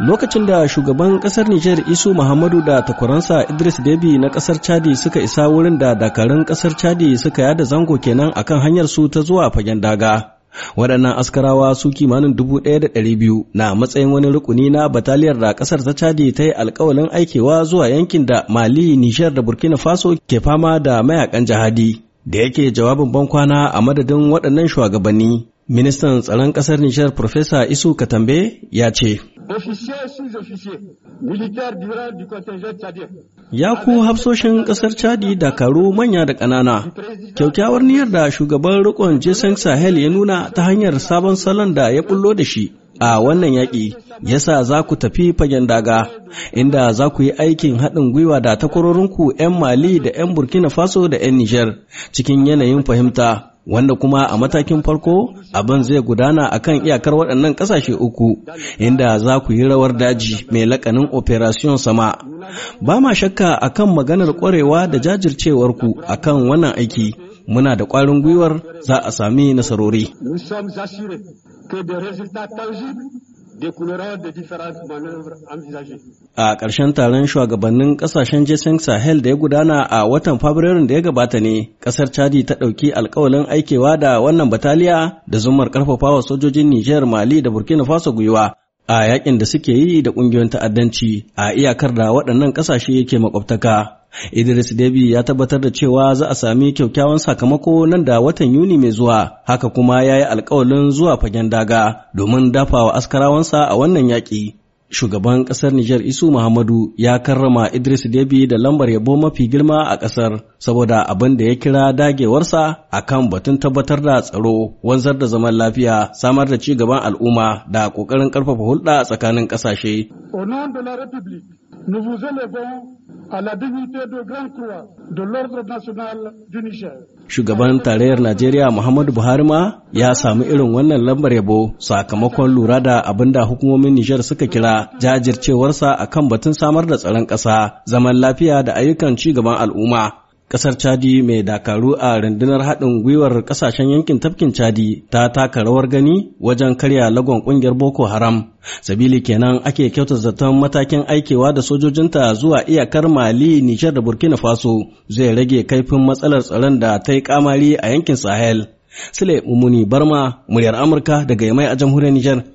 lokacin da shugaban kasar Nijar Isu Muhammadu da takwaransa Idris debi na kasar Chadi suka isa wurin da dakarun kasar Chadi suka yada zango kenan akan hanyar su ta zuwa fagen daga. Waɗannan askarawa su kimanin dubu ɗaya da ɗari biyu na matsayin wani rukuni na bataliyar da ƙasar ta Chadi ta yi alkawalin aikewa zuwa yankin da Mali, Nijar da Burkina Faso ke fama da mayakan jihadi. Da yake jawabin ban kwana a madadin waɗannan shugabanni, ministan tsaron ƙasar Nijar Profesa Isu Katambe ya ce. officiers sous-officiers militaires rang du contingent tchadien. Ya ku hafsoshin ƙasar Chadi da Dakaru manya da ƙanana, kyaukyawar niyyar da shugaban rikon Jason Sahel ya nuna ta hanyar sabon salon da ya bullo da shi a wannan yaƙi yasa za ku tafi fagen daga inda za ku yi aikin haɗin gwiwa da takwarorinku 'yan Mali da 'yan Burkina Faso da 'yan Nijar cikin yanayin fahimta wanda kuma a matakin farko abin zai gudana a kan iyakar waɗannan ƙasashe uku inda za ku yi rawar daji mai lakanin operation sama ba ma shakka a kan maganar ƙwarewa da jajircewar ku kan wannan aiki muna da ƙwarin gwiwar za a sami nasarori A ƙarshen taron shugabannin ƙasashen Jason Sahel da ya gudana a watan Fabrairun da ya gabata ne, ƙasar Chadi ta ɗauki alƙawalin aikewa da wannan bataliya da zumar ƙarfafawa sojojin Nijar, Mali da Burkina Faso gwiwa a yakin da suke yi da ƙungiyoyin ta'addanci a iyakar da waɗannan ƙasashe yake makwabtaka. Idris Debi ya tabbatar da cewa za a sami kyaukyawan sakamako nan da watan Yuni mai zuwa, haka kuma ya yi alkawalin zuwa fagen daga domin dafa wa askarawansa a wannan yaƙi. Shugaban ƙasar Nijar Isu Muhammadu ya karrama Idris debi da lambar yabo mafi girma a ƙasar saboda abin da ya kira dagewarsa a kan batun tabbatar da tsaro, wanzar da zaman lafiya, samar da ci gaban al'umma da ƙoƙarin ƙarfafa hulɗa tsakanin ƙasashe. Au nom de la République, nous vous élevons à la dignité de grand croix de l'ordre national du Niger. Shugaban tarayyar Najeriya Muhammadu Buhari ma ya samu irin wannan lambar yabo sakamakon lura da abin da hukumomin Nijar suka kira jajircewarsa akan batun samar da tsaron ƙasa, zaman lafiya da ayyukan ci gaban al'umma. Ƙasar Chadi mai dakaru a rundunar haɗin gwiwar ƙasashen yankin tafkin Chadi ta taka rawar gani wajen karya lagon ƙungiyar Boko Haram. Sabili kenan ake kyauta zaton matakin aikewa da sojojinta zuwa iyakar Mali, Nijar da Burkina Faso zai rage kaifin matsalar tsaron da ta yi kamari a yankin Sahel. Sule Mumuni Barma, muryar Amurka daga Yamai a jamhuriyar Nijar.